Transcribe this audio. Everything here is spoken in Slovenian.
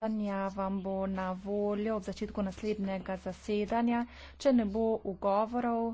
vprašanja vam bo na voljo ob začetku naslednjega zasedanja. Če ne bo ugovorov,